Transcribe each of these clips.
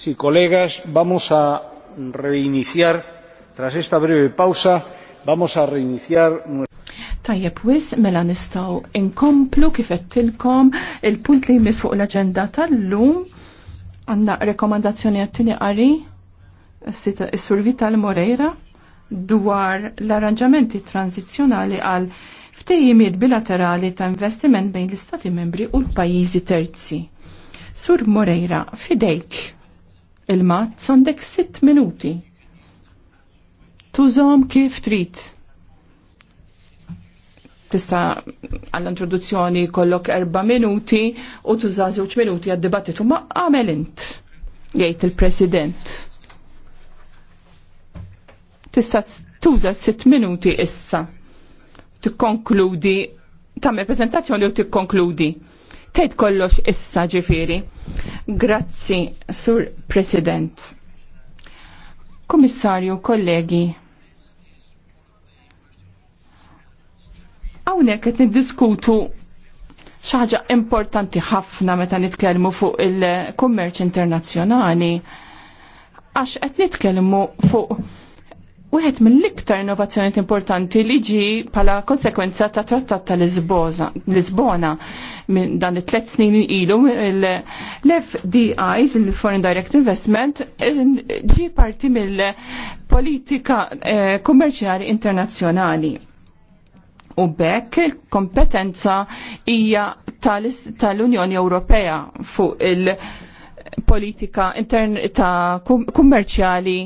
Sí, colegas, vamos a reiniciar, tras esta breve pausa, vamos a reiniciar. Tajjeb wis mela nistgħu inkomplu kif qedtilkom il-punt li jmiss fuq l-aġenda tal-lum għandna rekomandazzjoni għattini tieni qari is-Sur Vital Moreira dwar l-arranġamenti tranzizzjonali għal ftejjimiet bilaterali ta' investiment bejn l-Istati membri u l-pajjiżi terzi. Sur Moreira, fidejk il-mat għandek sitt minuti. Tużom kif trid. Tista għall-introduzzjoni kollok erba' minuti u tuża żewġ minuti għad-dibattitu ma għamel int, jgħid il-President. Tista tuża sitt minuti issa. Tikkonkludi, tagħmel prezentazzjoni u tikkonkludi tgħid kollox issa ġifiri. Grazzi, Sur President. Komissarju, kollegi, Hawnhekk qed niddiskutu xaħġa importanti ħafna meta nitkellmu fuq il-kummerċ internazzjonali għax qed nitkellmu fuq Wieħed mill-iktar innovazzjoni importanti li ġi pala konsekwenza ta' trattat ta' Lisbona minn dan it-tlet snin ilu l-FDIs, il-Foreign Direct Investment, ġi parti mill-politika eh, kummerċjali internazzjonali. U bekk il-kompetenza hija tal-Unjoni Ewropea fuq il- politika ta' kummerċjali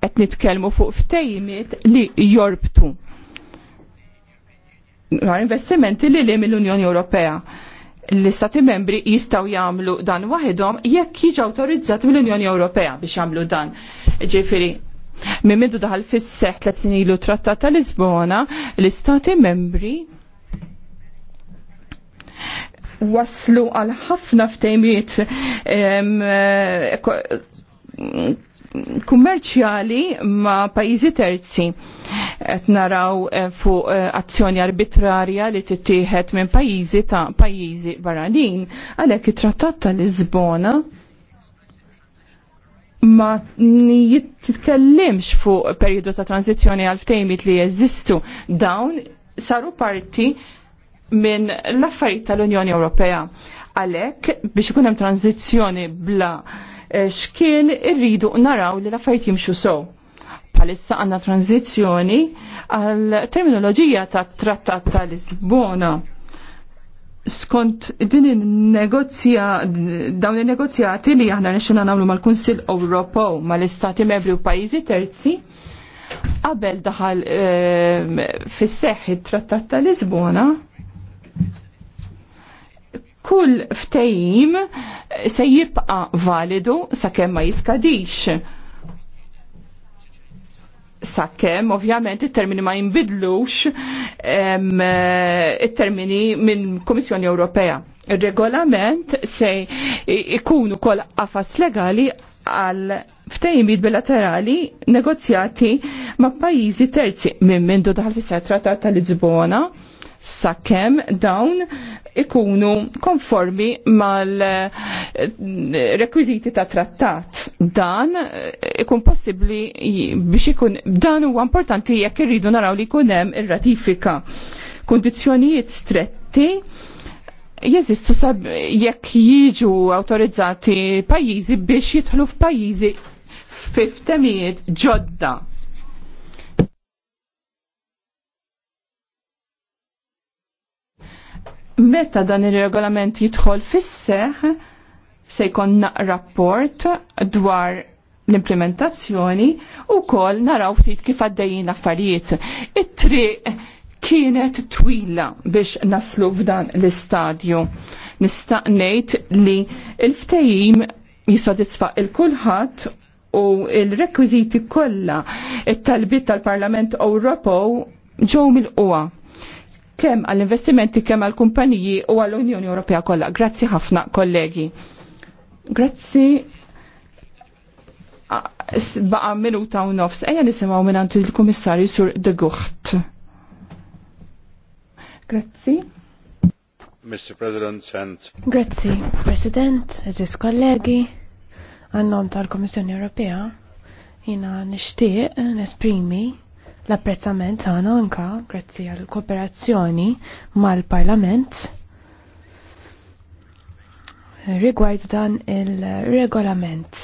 qed nitkellmu fuq ftejmiet li jorbtu. Investimenti li li mill-Unjoni Ewropea l-istati membri jistaw jamlu dan wahidhom jekk jiġi autorizzat mill-Unjoni Ewropea biex jamlu dan. Ġifiri, minn mindu daħal fis-seħ tliet snin ilu trattat ta' Lisbona, l-istati membri waslu għal ħafna ftejmiet eh, kummerċjali ma' pajjiżi terzi. Qed naraw eh, fuq eh, azzjoni arbitrarja li tittieħed minn pajjiżi ta' pajjiżi barranin, għalhekk it-Trattat ta' Lisbona ma jitkellimx fuq periodu ta' tranzizjoni għal ftejmit li jeżistu dawn saru parti minn l-affarijiet tal-Unjoni Ewropea. Għalhekk biex ikun hemm tranzizzjoni bla Eh, xkien irridu naraw li l-affarijiet jimxu sew. Palissa għanna tranzizjoni għal terminoloġija ta' trattat ta' Lisbona. Skont din il-negozja, dawn il-negozjati li aħna nixxina namlu mal-Kunsil Ewropew mal-Istati Membri u Pajjiżi Terzi, qabel daħal eh, fis-seħħ it-Trattat ta' Lisbona, kull ftejim se jibqa validu sakemm ma jiskadix. Sakemm ovvjament it-termini ma jinbidlux it-termini minn Kummissjoni Ewropea. Ir-regolament se ikunu kol qafas legali għal ftejmid bilaterali negozjati ma' pajjiżi terzi minn mindu daħal fis-setrata tal-Lizbona. tal lizbona sakemm dawn ikunu konformi mal-rekwiziti eh, ta' trattat. Dan eh, ikun possibli biex ikun dan huwa importanti jekk irridu naraw li jkun hemm ir-ratifika. Kundizzjonijiet stretti jeżistu sab jekk jiġu autorizzati pajjiżi biex jidħlu f'pajjiżi f'iftemijiet ġodda meta dan ir-regolament jidħol fis se jkun rapport dwar l-implementazzjoni u kol naraw ftit kif għaddejjin affarijiet. It-triq kienet twila biex naslu f'dan l-istadju. Nistaqnejt li il-ftejim jisodisfa il-kulħadd u il-rekwiziti kollha it-talbiet tal-Parlament Ewropew ġew mill-qwa kemm għall-investimenti kemm għall-kumpaniji u għall-Unjoni Ewropea kollha. Grazzi ħafna kollegi. Grazzi baqa minuta u nofs. Ejja nisimaw minnant il-Kummissarju Sur de Gucht. Grazzi. Mr. President, and... Grazzi, President, eżis kollegi, għannom tal-Komissjoni Ewropea, jina nishtiq, nesprimi, l-apprezzament għana anka grazzi għal kooperazzjoni mal-Parlament rigward dan il-regolament.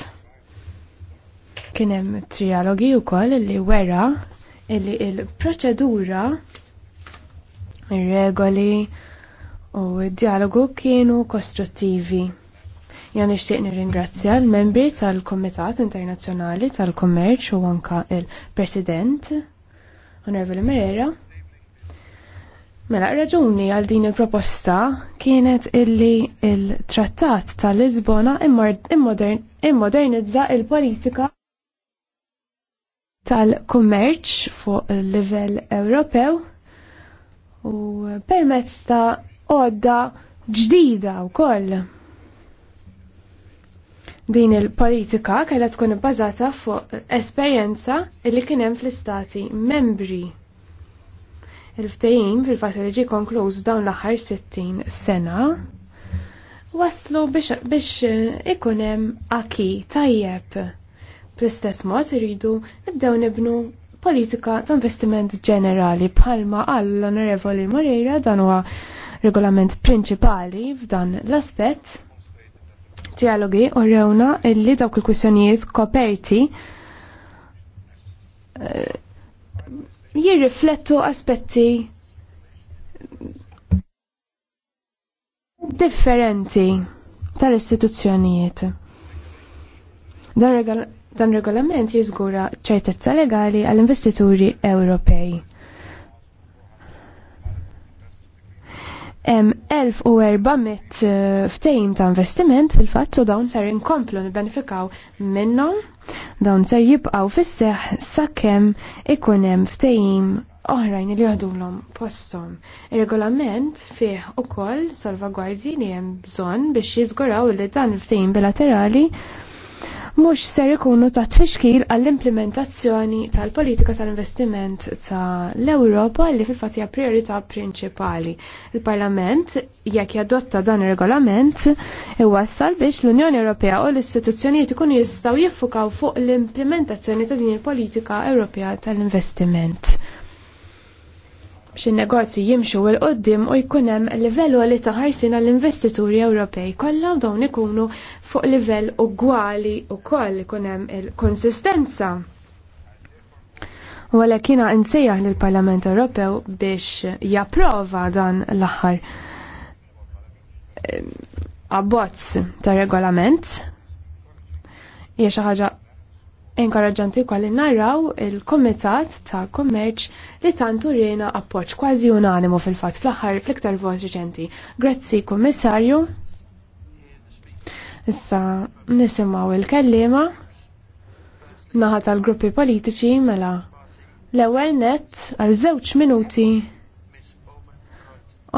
Kienem trialogi u koll li wera illi il-proċedura, il-regoli u il-dialogu kienu kostruttivi. Jan ixtieq nirringrazzja l-membri tal-Komitat Internazzjonali tal-Kommerċ u anka il-President Onorevoli Merera. Mela, raġuni għal din il-proposta kienet illi il-trattat ta' Lisbona immodernizza il-politika tal-kummerċ fuq il-livell Ewropew u permezz ta' għodda ġdida u koll Din il-politika kellha tkun ibbażata fuq esperjenza li kien hemm fl-istati membri. Il-ftehim fil-fatt li ġie konkluż dawn l-aħħar 60 sena waslu biex ikun hemm aki tajjeb. Bl-istess mod iridu nibdew nibnu politika ta' investiment ġenerali bħalma għall onorevoli Moreira dan huwa regolament prinċipali f'dan l-aspett dialogi u rewna illi dawk il-kwistjonijiet koperti eh, jirriflettu aspetti differenti tal-istituzzjonijiet. Dan regolament jiżgura ċertezza legali għall-investituri Ewropej. hemm 1400 eh, ftehim ta' investiment fil-fatt u dawn ser inkomplu nibbenefikaw minnhom dawn ser jibqgħu fis-seħ sakemm ikun hemm ftehim oħrajn li jaħdulhom posthom. Ir-regolament fih ukoll salvagwardji li hemm bżonn biex jiżguraw li dan il-ftehim bilaterali mhux ser ikunu ta' tfixkil għall-implementazzjoni tal-politika tal-investiment ta' l-Ewropa li fil-fatt hija priorità prinċipali. Il-Parlament jekk jadotta dan ir-regolament iwassal biex l-Unjoni Ewropea u l-istituzzjonijiet ikunu jistgħu jiffukaw fuq l-implementazzjoni ta' din il-politika Ewropea tal-investiment in negozji jimxu il qoddim u jkun hemm livellu li taħarsina l-investituri Ewropej kollha dawn ikunu fuq livell ugwali wkoll ikun hemm il-konsistenza. U għalhekk jiena nsejjaħ lill-Parlament Ewropew biex japprova dan l-aħħar eh, abbozz ta' regolament hija xi ħaġa Inkoraġanti wkoll narraw il-Kumitat ta' Kummerċ li tantu rina appoġġ kważi unanimu fil-fatt fl-aħħar fl-iktar vot reċenti. Grazzi Kummissarju. Issa nisimgħu il-kellima naħa tal-gruppi politiċi mela l-ewwel nett għal żewġ minuti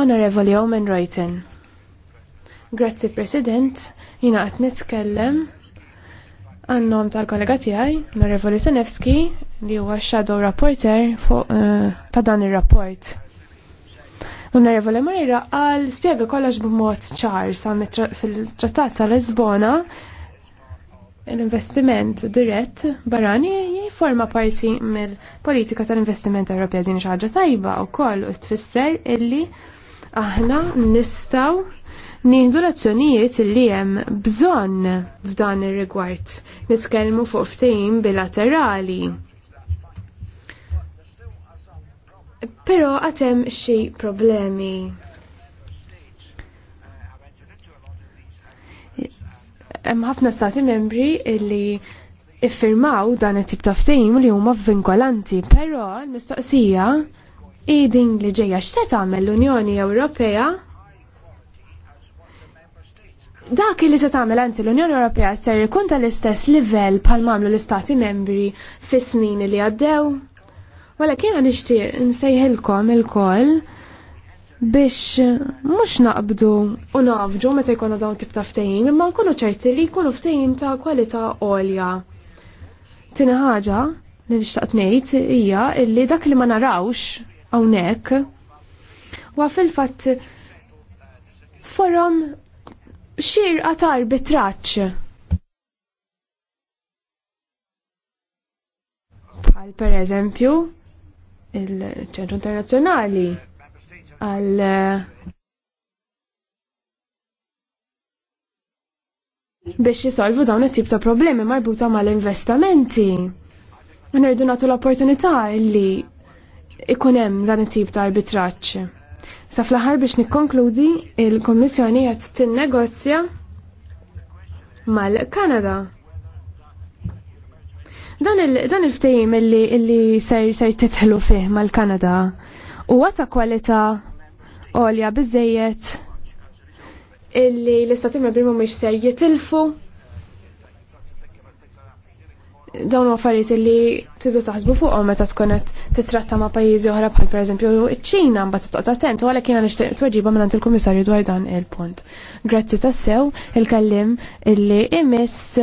Onorevoli Omen Reuten. Grazzi President, jina għat nitkellem Għannom tal-kollega tijaj, Norevoli Senevski, li huwa shadow rapporter fuq eh, ta' dan ir-rapport. Nore Marira għal spjega kollox b'mod ċar sa' fil-trattat tal Lesbona l-investiment dirett barani jiforma parti mill-politika tal-investiment Ewropea din xi ħaġa tajba wkoll u tfisser illi aħna nistaw nieħdu l-azzjonijiet li hemm bżonn f'dan ir-rigward. Nitkellmu fuq ftehim bilaterali. Però għad hemm xi problemi. Hemm ħafna stati membri li iffirmaw dan it-tip ta' ftehim li huma vinkolanti, però l-mistoqsija i din li ġejja x'se tagħmel l-Unjoni Ewropea dak li se tagħmel anzi l-Unjoni Ewropea ser jkun tal-istess livell bħal mamlu l-Istati membri fis-snin li għaddew. Wala mela, kiena nixtieq nsejħilkom il-koll biex mhux naqbdu u nafġu meta jkunu dawn tip ta' ftehim, imma nkunu ċerti li jkunu ftehim ta' kwalità għolja. Tieni ħaġa li nixtaq ngħid hija li dak li ma narawx hawnhekk wa fil-fatt forum xirqa ta' bitraċ. Bħal per eżempju il-ċentru internazzjonali għal biex jisolvu dawn it-tip ta' problemi marbuta mal-investamenti. Nerdu natu l-opportunità li ikun hemm dan it-tip ta' arbitraċ. Sa fl-aħħar biex nikkonkludi, il-Kommissjoni qed tinnegozja mal-Kanada. Dan il-ftehim il -li ser ser titħlu fih mal-Kanada huwa ta' kwalità għolja biżejjed illi l-istati membri mhumiex ser jitilfu dawn l affarijiet li tibdu taħsbu fuqhom meta tkun qed titratta ma' pajjiżi oħra bħal pereżempju iċ-Ċina mbagħad titqgħod attent u għalhekk jiena nixtieq tweġiba mingħand il-Kummissarju dwar dan il-punt. Grazzi tassew il-kellim illi imiss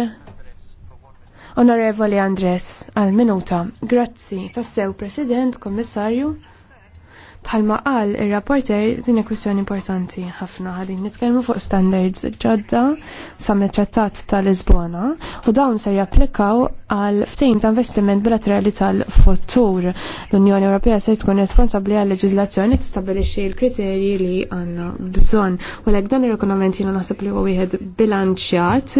Onorevoli Andres għal minuta. Grazzi tassew President, Kummissarju. Bħalma qal ir-rapporter din kwistjoni importanti ħafna ħadin nitkellmu fuq standards ġodda sa mit-Trattat ta' lisbona u dawn se japplikaw għal ftehim ta' investiment bilaterali tal-futur. L-Unjoni Ewropea se tkun responsabbli għal leġiżlazzjoni tistabilixxi l-kriterji li għandna bżonn u l dan ir-regolament jiena naħseb li huwa wieħed bilanċjat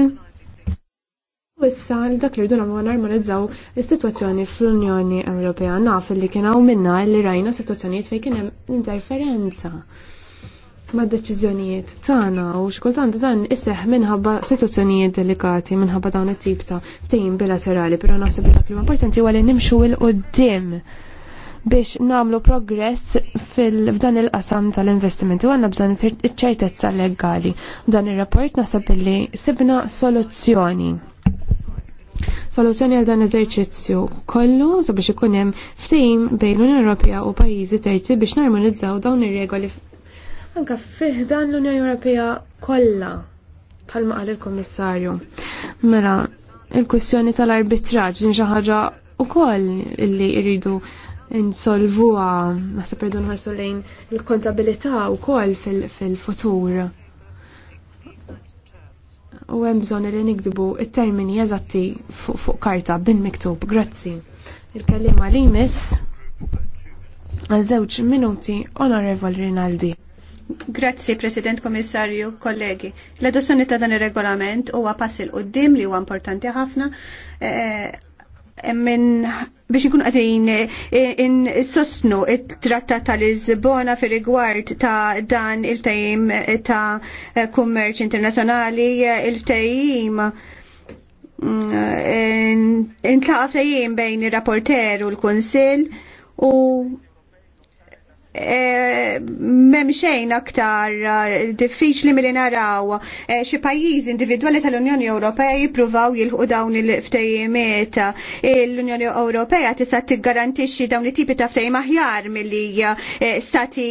Wissa issa dak li rridu nagħmlu narmonizzaw is-sitwazzjoni fl-Unjoni Ewropea naf li kien hawn minna li rajna sitwazzjonijiet fejn kien hemm interferenza ma' deċiżjonijiet tagħna u xkultant dan isseħ minħabba situazzjonijiet delikati minħabba dawn it-tip ta' ftehim bilaterali, però naħseb li dak li importanti huwa li nimxu il qudiem biex namlu progress f'dan il-qasam tal-investimenti u għanna bżon ċertezza legali. Dan ir rapport naħseb li sibna soluzzjoni. Soluzzjoni għal dan eżerċizzju kollu sabiex ikun hemm ftehim bejn l-Unjoni Ewropea u pajjiżi terzi biex narmonizzaw dawn ir-regoli anke fih dan l-Unjoni Ewropea kollha bħalma qal il-Kummissarju. Mela, il-kwistjoni tal-arbitraġġ din xi ħaġa wkoll li jridu insolvuha naħseb irdu nħarsu lejn il-kontabilità wkoll fil-futur u hemm bżonn li nikdbu it-termini eżatti fuq karta bin miktub. Grazzi. Il-kellima li miss għal żewġ minuti Onorevol Rinaldi. Grazzi, President Komissarju, kollegi. L-adozzjoni ta' dan ir-regolament huwa pass il qudiem li huwa importanti ħafna. Eh, eh min biex ikun għadin eh, sosnu il trattat tal-Lizbona fil rigward ta' dan il-tajim ta' kummerċ internazjonali il-tajim eh, tlaqa tajim bejn il-rapporter u l-Konsil u E, mem xejn aktar e, diffiċli milli naraw e, xi pajjiżi individwali tal-Unjoni Ewropea jippruvaw jilħu dawn il-ftejjimiet. L-Unjoni Ewropea tista' tiggarantixxi dawn it-tipi ta' ftejjim aħjar milli e, stati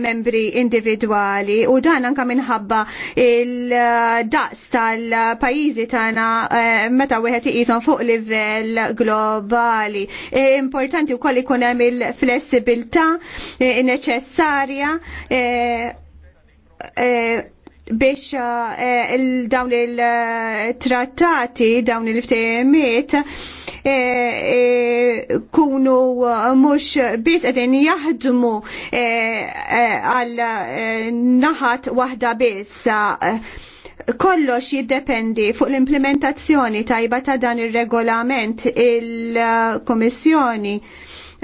membri individwali u dan anke minħabba il-daqs tal-pajjiżi tagħna meta wieħed iqishom fuq livell globali. Importanti wkoll ikun hemm il-flessibilità neċessarja eh, eh, biex eh, dawn il-trattati, dawn il-ftehimiet kunu mux biss edin jahdmu għal naħat wahda biss kollox jiddependi fuq l-implementazzjoni tajba ta' dan il-regolament il-komissjoni il regolament il komissjoni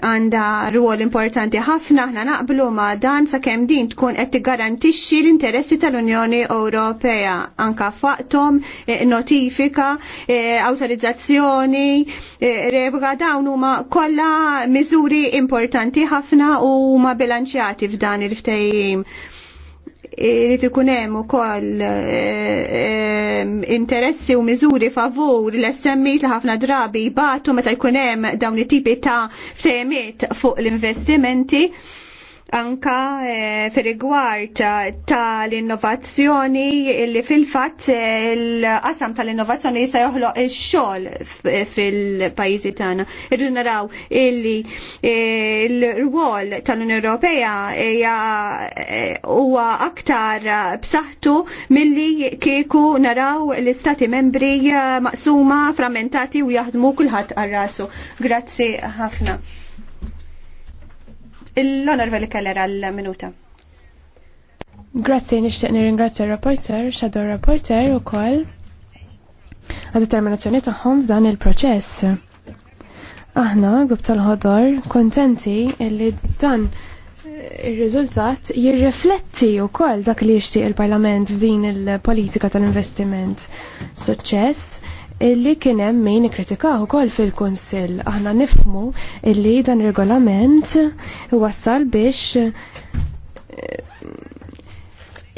għandha ruol importanti ħafna aħna naqblu ma dan sakemm din tkun qed tiggarantixxi l-interessi tal-Unjoni Ewropea anka faqthom eh, notifika, eh, awtorizzazzjoni, eh, revoga. dawn huma kollha miżuri importanti ħafna u ma bilanċjati f'dan il ftejim Irid ikun hemm ukoll eh, eh, interessi u miżuri favur l-SMEs li ħafna drabi jbatu meta jkun hemm dawn it-tipi ta' ftehimiet fuq l-investimenti anka e, fir rigward tal-innovazzjoni illi li fil-fatt eh, il-qasam tal-innovazzjoni jista' joħloq ix-xogħol fil-pajjiżi tagħna. Irridu naraw illi eh, l-rwol tal-Unjoni Ewropea hija huwa aktar b'saħħtu milli kieku naraw l-istati membri maqsuma, frammentati u jaħdmu kulħadd għal rasu. Grazzi ħafna l Veli Keller għal-minuta. Grazzi, nishtiq nirringrazzja il-rapporter, shadow rapporter u kol għad-determinazzjoni tagħhom f'dan il-proċess. Aħna, grupp tal-ħodor, kontenti illi dan eh, il-rizultat jirrifletti u koll dak li jixtieq il-Parlament f'din il-politika tal-investiment. Suċċess illi kien hemm min ikkritikaw ukoll fil-Kunsill. Aħna nifhmu illi dan regolament wassal biex eh,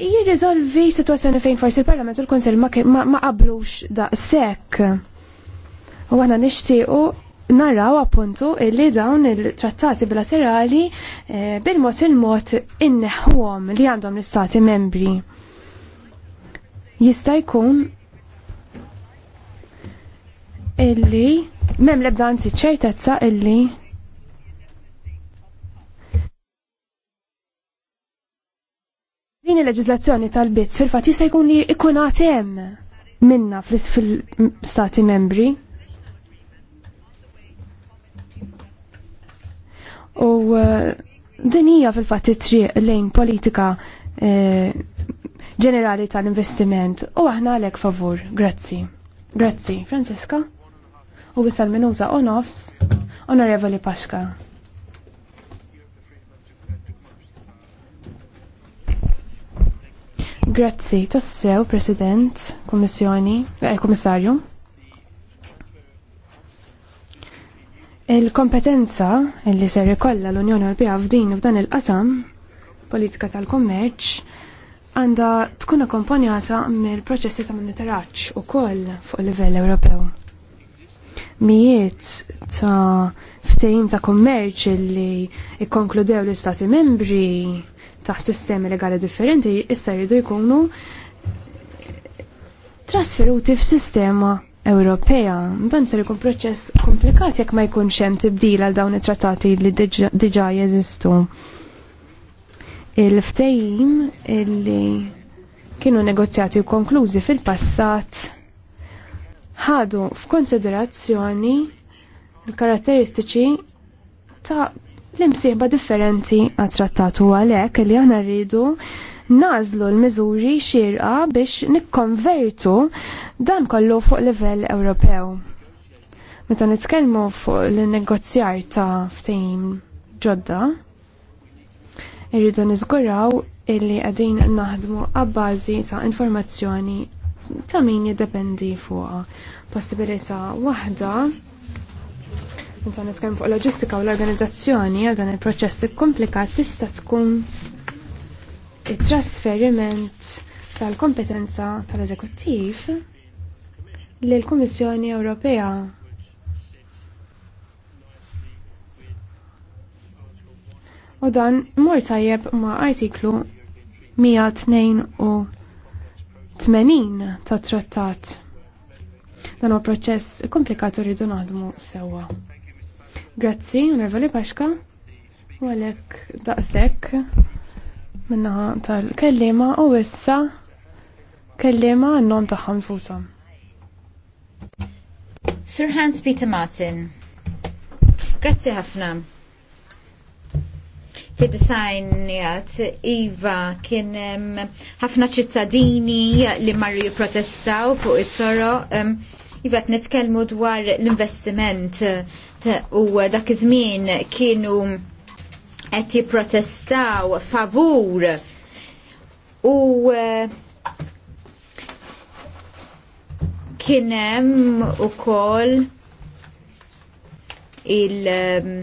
jirriżolvi situazzjoni fejn forsi il-Parlament u l-Kunsill ma qablux daqshekk. U aħna nixtiequ naraw appuntu illi dawn il-trattati bilaterali eh, bil-mod il-mod inneħħuhom li għandhom l-istati membri. Jista' jkun illi mem lebda anzi ċertezza illi din il-leġislazzjoni tal-bizz fil-fat jista' jkun li ikun hemm minna fil-stati membri. U uh, din hija fil-fatt it-triq lejn politika eh, ġenerali tal-investiment u aħna għalhekk favur. Grazzi. Grazzi, Francesca. U bissal minuta u nofs, Onorevoli Paxka. Grazzi, tassew, President, Kommissjoni, eh, Komissarju. Il-kompetenza li ser ikolla l-Unjoni Ewropea f'din f'dan il-qasam, politika tal-kommerċ, għandha tkun akkompanjata mill-proċessi ta' monitoraġġ ukoll fuq livell Ewropew mijiet ta' ftehim ta' kummerċ li ikkonkludew l-istati membri taħt sistemi legali differenti issa jridu jkunu trasferuti f'sistema Ewropea. Dan ser ikun proċess komplikat jekk ma jkunx hemm tibdil għal dawn it-trattati li diġà jeżistu. Il-ftehim illi kienu negozjati u konklużi fil-passat ħadu f'konsiderazzjoni l-karatteristiċi ta' l-imsieba differenti għat-trattatu għalhekk li aħna rridu nażlu l-miżuri xirqa biex nikkonvertu dan kollu fuq livell Ewropew. Meta nitkellmu fuq l-negozjar ta' ftehim ġodda, irridu niżguraw illi qegħdin naħdmu għabbażi ta' informazzjoni ta' min jiddependi fuqha. Possibilità waħda Nisa nitkellem fuq loġistika u l-organizzazzjoni għal dan il-proċess ikkomplikat tista' tkun it-trasferiment tal-kompetenza tal-eżekuttiv li l-Kummissjoni Ewropea U dan mur tajjeb ma' artiklu 102 80 ta' trattat. Dan huwa proċess komplikat rridu naħdmu sewwa. Grazzi, onorevoli Paxka, u għalhekk daqshekk minnaħa tal-kellima u issa kellima n-nom tagħhom nfushom. Sir Hans Peter Martin. Grazzi ħafna fi disajnijat Iva kien ħafna ċittadini li marru protestaw fuq it-toro. Iva qed nitkellmu dwar l-investiment u dak iż-żmien kienu qed jipprotestaw favur u kien hemm ukoll il- um,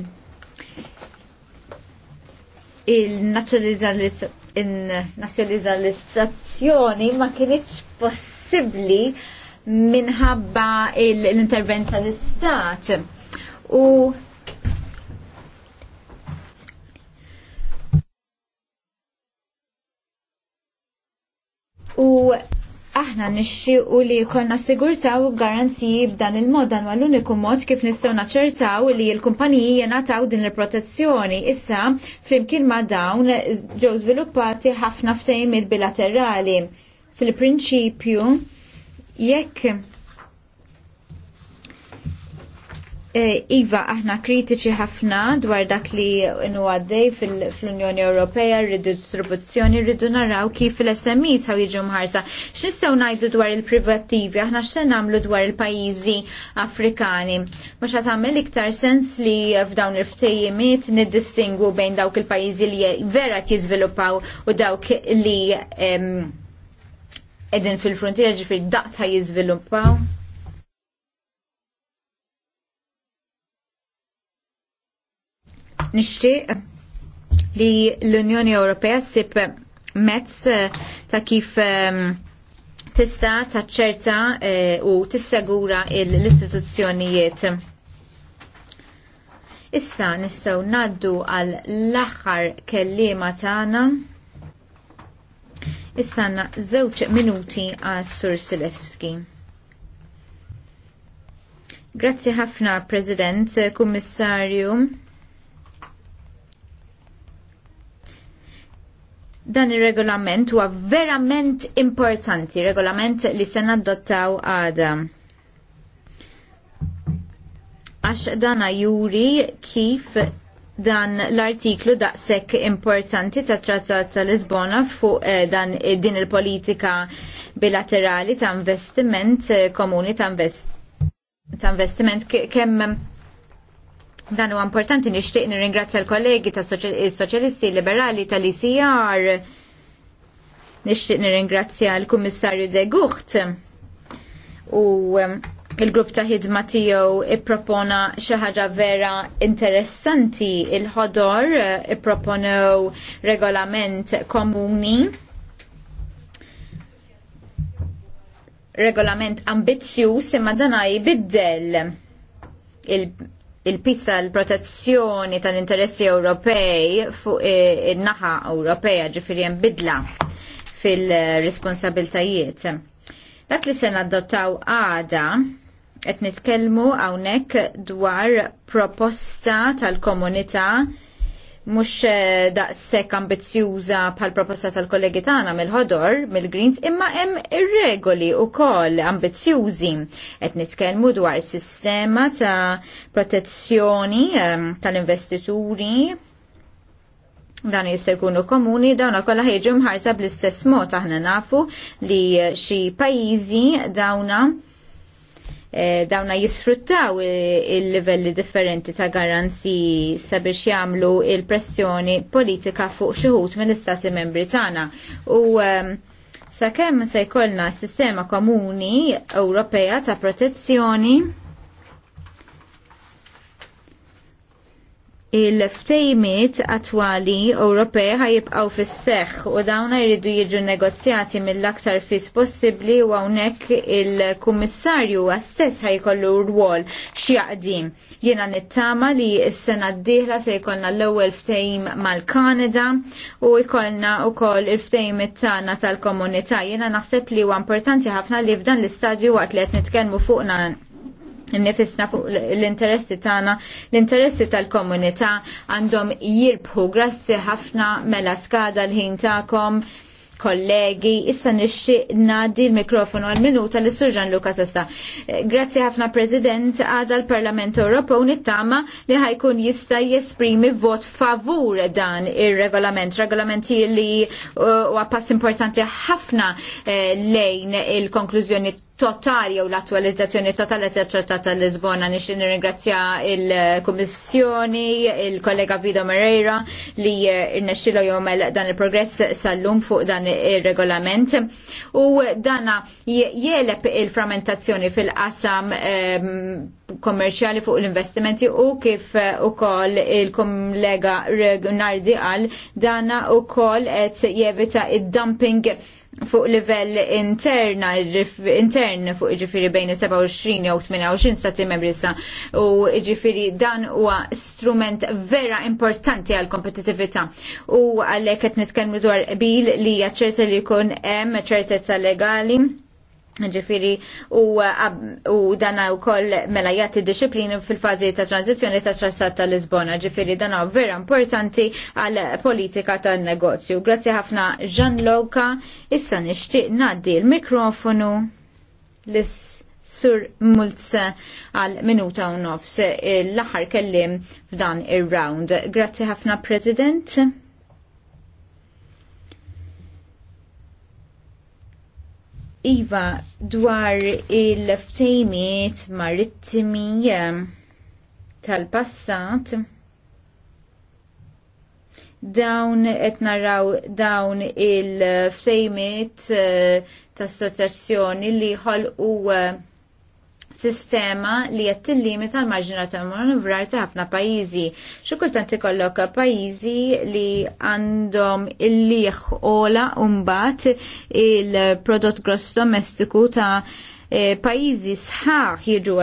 il-nazjonalizzazzjoni ma kienieċ possibli minħabba l-intervent tal-istat. U aħna u li jkollna sigurtaw garanziji f'dan il-mod dan l-uniku mod kif nistgħu naċċertaw li l-kumpaniji jingħataw din il-protezzjoni. Issa flimkien ma' dawn ġew żviluppati ħafna il bilaterali. Fil-prinċipju jekk Eh, iva, aħna kritiċi ħafna dwar dak li inu għaddej fil-Unjoni Ewropea, rridu distribuzzjoni, rridu naraw kif l-SMEs għaw jiġu mħarsa. Xistaw ngħidu dwar il-privattivi, aħna x'se nagħmlu dwar il-pajjiżi Afrikani. Mhux qed iktar sens li f'dawn il nid-distingu bejn dawk il-pajjiżi li vera jizvilupaw u dawk li edin fil-frontiera ġifieri daqta jiżviluppaw. Nixtieq li l-Unjoni Ewropea ssib mezz eh, ta' kif ehm, tista' taċċerta eh, u tissegura l-istituzzjonijiet. Issa nistgħu naddu għal l-aħħar kelliema tagħna. Issa għandna żewġ minuti għal Sur Silewski. Grazzi ħafna, President, Kummissarju. Dan ir-regolament huwa verament importanti, regolament li se nadottaw għada. Għax dana juri kif dan l-artiklu daqshekk importanti ta' Trattat ta' Lisbona fuq eh, dan eh, din il-politika bilaterali ta' investiment eh, komuni ta' ta' investiment kemm Dan huwa importanti nixtieq nirringrazzja l-kollegi tas soċjalisti liberali tal-ICR. Nixtieq nirringrazzja l-Kummissarju De Gucht u um, il-grupp ta' ħidma tiegħu ippropona xi ħaġa vera interessanti il-ħodor uh, ipproponew regolament komuni regolament ambizzjuż imma dan jbiddel il il pizza l-protezzjoni tal-interessi Ewropej fuq in-naħa Ewropeja ġifieri hemm bidla fil-responsabiltajiet. Dak li se nadottaw għada qed nitkellmu hawnhekk dwar proposta tal-komunità mux eh, sekk ambizjuża pal proposta tal-kollegi tagħna mill-ħodor, mill-Greens, imma hemm ir-regoli wkoll ambizjużi qed nitkellmu dwar sistema ta' protezzjoni ehm, tal-investituri dan jista' jkunu komuni dawn ukoll ħejġu mħarsa bl-istess mod aħna nafu li xi pajjiżi dawna Eh, dawna jisfruttaw il-livelli differenti ta' garanzi sabiex jagħmlu il-pressjoni politika fuq xi ħut mill-istati membri tagħna. U ehm, sakemm se jkollna s sistema komuni Ewropea ta' protezzjoni il-ftejmiet attwali Ewropej ħajibqgħu fis seħħ u dawn jridu jiġu negozjati mill-aktar fis possibbli u hawnhekk il-kummissarju stess ħajkollu rwol x'jaqdim. Jiena nittama li s-sena d-dieħla se jkollna l-ewwel ftejm mal-Kanada u jkollna wkoll il-ftejmiet tagħna tal-komunità. Jiena naħseb li huwa importanti ħafna li f'dan l-istadju waqt li qed nitkellmu fuq nan nifisna fuq l-interessi tagħna, l-interessi tal-komunità għandhom jirbħu grassi ħafna mela skada l-ħin tagħkom kollegi, issa nixxieq nadi l-mikrofonu għal-minuta li surġan Luka Sesta. Grazzi ħafna President għada l-Parlament Ewropew nittama li ħajkun jista jesprimi vot favur dan ir-regolament. Regolamenti li uh, huwa pass importanti ħafna eh, lejn il-konklużjoni totali jew l-attualizzazzjoni totali tat-Trattat tal-Lisbona nixtieq nirringrazzja il-Kummissjoni, il-kollega Vido Moreira li rnexxielu jomel dan il-progress sal-lum fuq dan ir-regolament u dana jeleb il-frammentazzjoni fil-qasam ehm, kommerċjali fuq l-investimenti u kif ukoll il-kollega Nardi għal dana ukoll qed jevita id-dumping fuq livell interna, intern fuq iġifiri bejn 27 jew 28 stati membri sa u iġifiri dan huwa strument vera importanti għal kompetitività u għalek qed nitkellmu dwar bil li jaċċerta li jkun hemm ċertezza legali ġifiri u, u dana u koll mela jatti disciplini fil-fazi ta' tranzizjoni ta' trassat ta' Lisbona. Ġifiri dana vera importanti għal politika ta' negozju. Grazie ħafna Jean Loka, issa nishtiq naddi l-mikrofonu l-sur Mulz għal minuta u nofs eh, l-aħar kellim f'dan ir-round. Grazie ħafna President. Iva, dwar il-ftejmiet marittimi eh, tal-passat, dawn qed naraw dawn il-ftejmiet eh, tas assoċjazzjoni li ħolqu eh, sistema li qed tillimita l-marġina ta' manovrar ta' ħafna pajjiżi. Xi kultant ikollok pajjiżi li għandhom il-liħ ola mbagħad il-prodott gross domestiku ta' e, pajjiżi sħaħ jiġu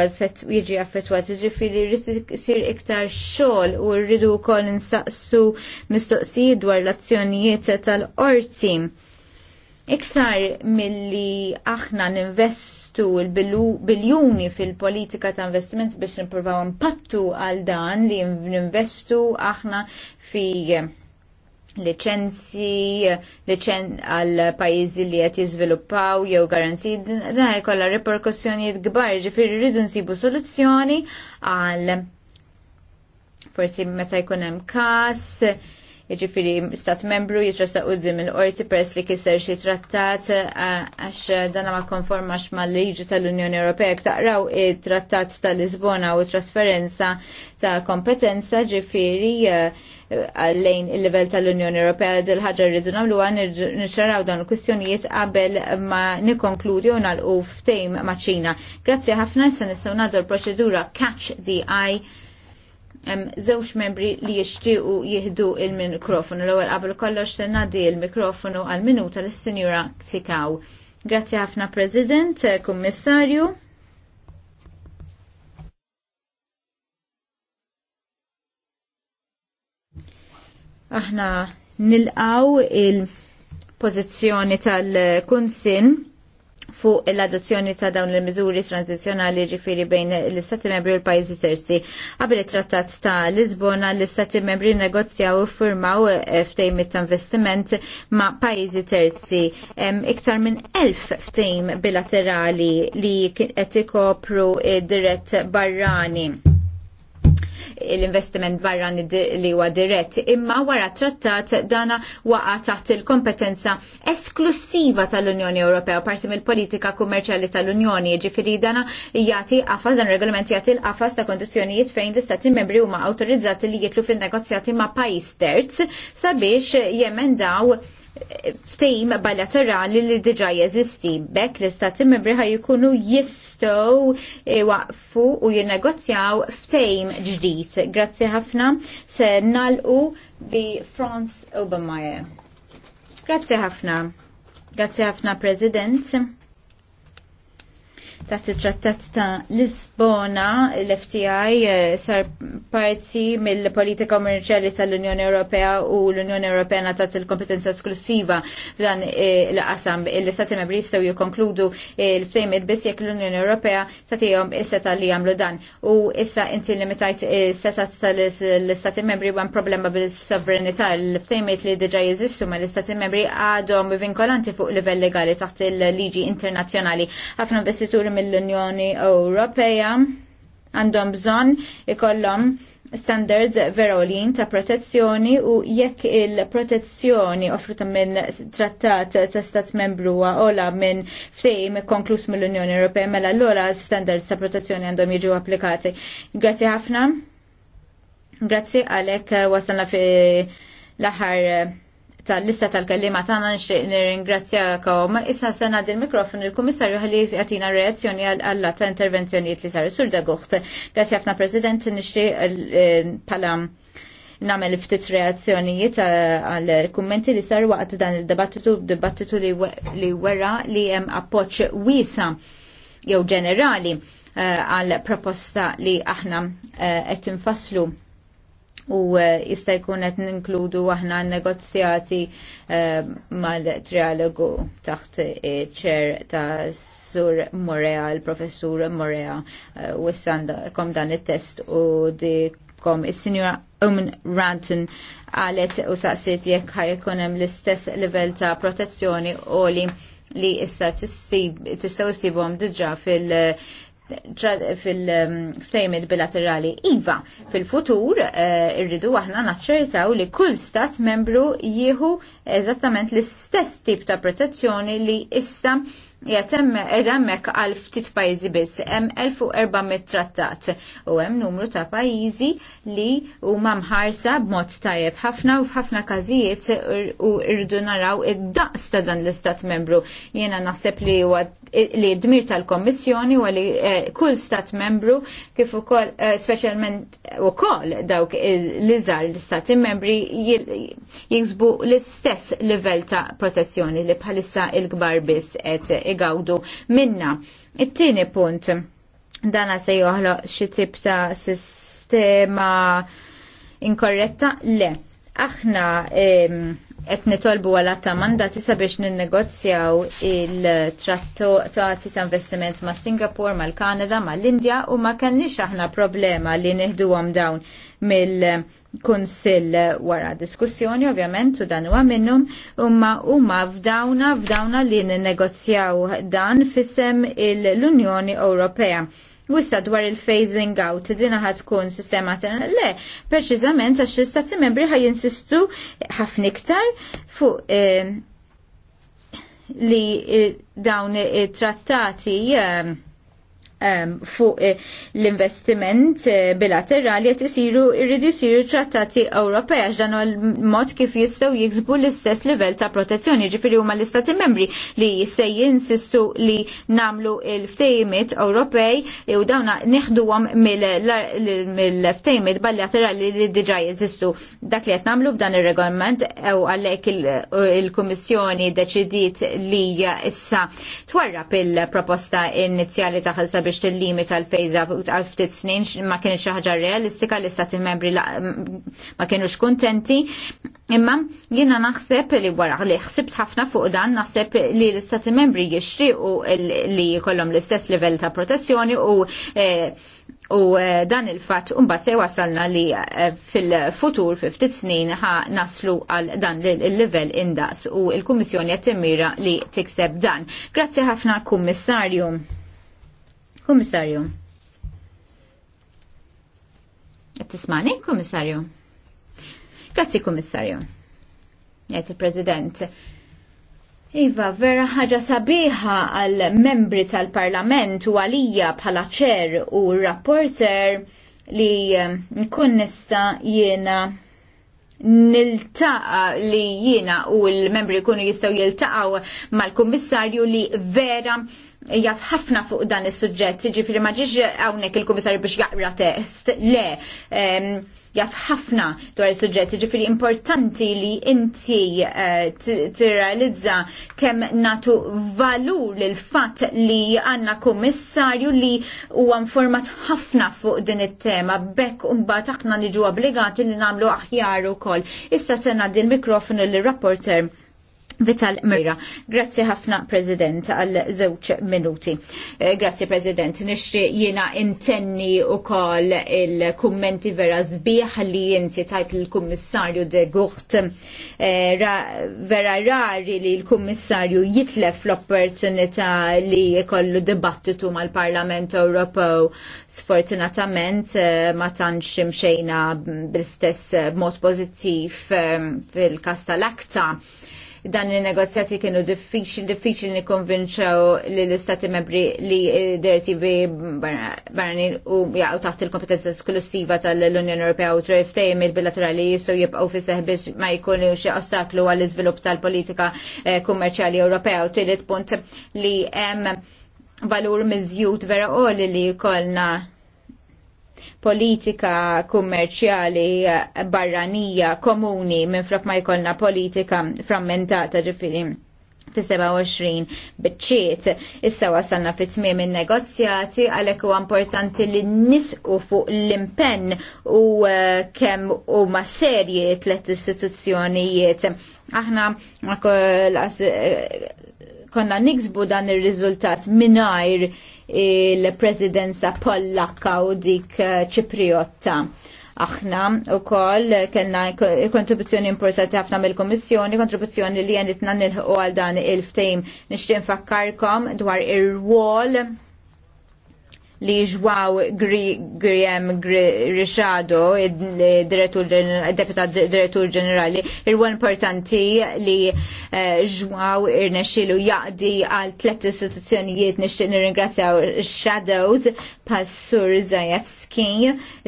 jiġi affettwat, ġifiri rrid sir iktar xogħol u rridu wkoll insaqsu mistoqsijiet dwar l-azzjonijiet tal-qorti. Iktar milli aħna ninvestu investu il-biljuni fil-politika ta' investiment biex nipruvaw impattu għal dan li ninvestu aħna fi licenzi, licen għal pajizi li għet jizviluppaw, jew garanzi, dan jkolla reperkussjonijiet gbar, ġifiri rridu nsibu soluzzjoni għal forsi meta jkun hemm każ jiġifieri stat membru jitrasa qudiem il-qorti peress li kisser xi trattat għax dan ma konformax mal-liġi tal-Unjoni Ewropea taqraw it-trattat tal-Lisbona u trasferenza ta' kompetenza ġifieri eh, għallejn il-level tal-Unjoni Ewropea dil-ħagġa rridu namlu għan nċaraw dan il-kwistjonijiet qabel ma nikonkludi u nagħlqu ftejm ma' Ċina. Grazzi ħafna issa nistgħu nagħdu l-proċedura catch the eye żewġ membri li jixtiequ jieħdu il-mikrofonu. L-ewwel qabel kollox se ngħaddi l-mikrofonu għal minuta lis-Sinjura Ktikaw. Grazzi ħafna President, Kummissarju. Aħna nilqaw il-pożizzjoni tal-Kunsin fuq l-adozzjoni ta' dawn il-miżuri tranzizjonali ġifiri bejn l-Istati membri u l-pajjiżi terzi. Qabel it-Trattat ta' Lisbona, l-Istati membri negozjaw u firmaw ftejmi ta' investiment ma' pajjiżi terzi. Iktar minn elf ftejm bilaterali li qed ikopru dirett barrani l-investiment barran li huwa dirett, imma wara trattat dana waqa taħt il-kompetenza esklusiva tal-Unjoni Ewropea parti mill-politika kummerċjali tal-Unjoni, ġifiri dana jagħti qafas dan regolament jagħti l-qafas ta' kondizzjonijiet fejn l-istati membri huma awtorizzati li jitlu fin-negozjati ma' pajis terz sabiex jemendaw ftejim bilaterali li diġa jeżisti bekk l-istati membri ħaj jkunu jistow eh, waqfu u jinnegozjaw ftejim ġdid. Grazzi ħafna se nalqu bi Franz Obermeier. Grazzi ħafna. Grazzi ħafna President. Taħt it-trattat ta' Lisbona l-FTI eh, sar parti mill-politika kommerċjali tal-Unjoni Ewropea u l-Unjoni Ewropea natat il-kompetenza esklusiva dan eh, l-qasam il-Stati Membri jistgħu jikkonkludu l-ftejmiet biss jekk l-Unjoni Ewropea tagħtihom is-seta li jagħmlu dan. U issa inti limitajt is-seta tal-Istati Membri wan problema bil-sovranità l-ftejmiet li diġà jeżistu ma l-Istati Membri għadhom vinkolanti fuq livell legali taħt il-liġi internazzjonali. Ħafna investituri mill-Unjoni Ewropea għandhom bżonn ikollhom standards verolin ta' protezzjoni u jekk il-protezzjoni offruta minn trattat ta' stat membru ola minn fsejm konklus mill-Unjoni Ewropea mela l għola standards ta' protezzjoni għandhom jiġu applikati. Grazzi ħafna. Grazzi għalek wasalna fi l-aħħar tal-lista tal-kellima tagħna nixtieq nirringrazzjakom. Issa se ngħaddi l-mikrofon il-Kummissarju ħalli jagħtina reazzjoni għal ta' intervenzjonijiet li saru. Sur Dagoħt. grazzi ħafna President nixtieq bħala eh, nagħmel ftit reazzjonijiet eh, għal kummenti li saru waqt dan il-dibattitu dibattitu li wera li hemm appoġġ wiesa jew ġenerali eh, għal proposta li aħna qed infasslu u eh, jista' jkun qed ninkludu aħna negozjati eh, mal-trialogu taħt ċer eh, ta' Sur Morea, il-Professur Morea, u kom dan it-test u dikom is-Sinjura Omen Ranton għalet u saqsit jekk ħajkun hemm l-istess livell ta' protezzjoni u li li issa tistgħu jsibhom diġà fil- fil-ftejmid bilaterali. Iva, fil-futur eh, irridu aħna naċċertaw li kull stat membru jieħu eżattament l-istess tip ta' protezzjoni li issa ed edemmek għal ftit pajzi biss, hemm 1400 trattat u hemm numru ta' pajzi li huma mħarsa b'mod tajjeb ħafna u f'ħafna każijiet u rridu naraw id-daqs ta' dan l-istat membru. Jiena naħseb li huwa li dmir tal-Kommissjoni u li eh, kull stat membru kif ukoll eh, speċjalment ukoll dawk li żgħar l-istati membri jiksbu l-istess livell ta' protezzjoni li bħalissa il-kbar biss qed jgawdu minna. It-tieni punt, dana se joħloq xi tip ta' sistema inkorretta? Le. Aħna qed nitolbu għal ta' mandati sabiex ninnegozjaw il-trattati ta' investiment ma' Singapore, mal kanada mal indja u ma kellniex aħna problema li neħduhom dawn mill- kunsill wara diskussjoni ovvjament u dan huwa minnhom imma huma f'dawna f'dawna li ninnegozjaw dan fisem l-Unjoni Ewropea. Wissa dwar il-phasing out dina ħad tkun sistema tena le, preċiżament għax l-istati membri ħaj insistu ħafna iktar fuq eh, li eh, dawn it-trattati eh, fuq eh, l-investiment eh, bilaterali qed isiru jridu jsiru trattati Ewropej għax dan mod kif jistgħu jiksbu l-istess livell ta' protezzjoni, ġifieri huma l-istati membri li se jinsistu li namlu l-ftejmit Ewropej u dawna neħduhom mill-ftejmit bilaterali li diġà jeżistu. Dak li qed nagħmlu b'dan ir-regolament ew għalhekk il-Kummissjoni deċidiet li issa twarrab il-proposta inizjali ta' sabiex limit tal fejza għal ftit snin ma kienx xaħġa ħaġa realistika li stati membri ma kienu kuntenti. Imma jiena naħseb li wara li ħsibt ħafna fuq dan naħseb li l-istati membri u li jkollhom l-istess livell ta' protezzjoni u e, U e, dan il-fat umba se wasalna li e, fil-futur fi ftit snin ħa naslu għal dan il-level indaqs u il-Kummissjoni qed li tikseb dan. Grazzi ħafna Kummissarju. Kummissarju. Qed tismani, Kummissarju? Grazzi, Kummissarju. Jgħid il-President. Iva, vera ħaġa sabiħa għal membri tal-Parlament u għalija bħala ċer u rapporter li eh, nkun nista jiena niltaqa li jiena u l-membri kunu jistaw jiltaqaw mal-kummissarju li vera jaf ħafna fuq dan is-suġġett, jiġifieri ma ġiex hawnhekk il-kummissarju biex jaqra test, le, jaf ħafna dwar is-suġġett, jiġifieri importanti li inti eh, tirrealizza kemm natu valur lil fatt li għandna kummissarju li huwa informat ħafna fuq din it-tema, bekk imbagħad aħna niġu obbligati li nagħmlu aħjar ukoll. Issa se ngħaddi l-mikrofonu lir-rapporter Vital Mira, grazzi ħafna President għal żewġ minuti. Eh, grazzi President, nixri jiena intenni u kol il-kummenti vera zbieħ li jinti tajt l kummissarju de Gucht eh, vera rari li l-Kummissarju jitlef l-opportunità li kollu dibattitu mal-Parlament Ewropew sfortunatament eh, ma tantx imxejna bl-istess mod pozittiv fil-kas tal-akta dan il-negozjati kienu diffiċli diffiċli nikkonvinċaw li l-istati membri li bi barranin u jaqgħu taħt il-kompetenza esklusiva tal-Unjoni Ewropea u triftejm mill bilaterali jistgħu jibqgħu fisseħ biex ma jkunu xi ostaklu għall-iżvilupp tal-politika eh, kummerċjali Ewropea u tielet punt li hemm valur miżjud vera qoli li jkollna politika kummerċjali eh, barranija komuni minflok ma jkollna politika frammentata ġifiri fi 27 bitċiet. Issa wasalna fi tmiem in-negozjati għalhekk huwa importanti li nisqu fuq l-impenn u eh, kemm huma serji tliet istituzzjonijiet. Aħna konna niksbu dan ir-riżultat mingħajr il-presidenza Pollakka u dik eh, Ċipriotta aħna u koll kellna kontribuzzjoni importanti ħafna mill kommissjoni kontribuzzjoni li għenitna nilħu għal dan il-ftejm. Nixtieq fakkarkom dwar ir-wol li ġwaw Griem Rixado, deputat direttur ġenerali, irwa importanti li eh, ġwaw irnexilu jaqdi għal tlet istituzzjonijiet nixtieq nirringrazzjaw Shadows Passur Zajewski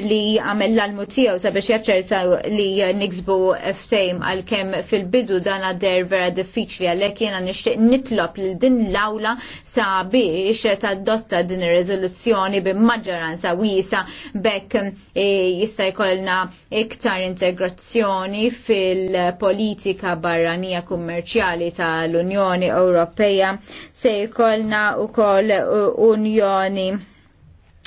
li għamel l-almu tiegħu sabiex jaċċertaw li niksbu ftejm għal kemm fil-bidu dan għadder vera diffiċli għalhekk jiena nixtieq nitlob lil din l-awla sabiex tadotta din ir-riżoluzzjoni kooperazzjoni b'maġġoranza wisa bekk eh, jista' jkollna iktar integrazzjoni fil-politika barranija kummerċjali tal-Unjoni Ewropea se jkollna wkoll eh, Unjoni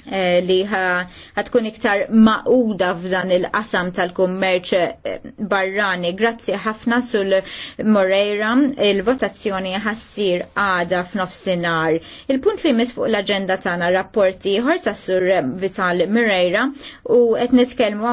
Eh, li ħatkun iktar maquda f'dan il-qasam tal-kummerċ eh, barrani. Grazzi ħafna sul Moreira, il-votazzjoni ħassir għada f'nofsinhar. Il-punt li mis fuq l-agenda tagħna rapporti ħor tas-sur Vital Moreira u qed nitkellmu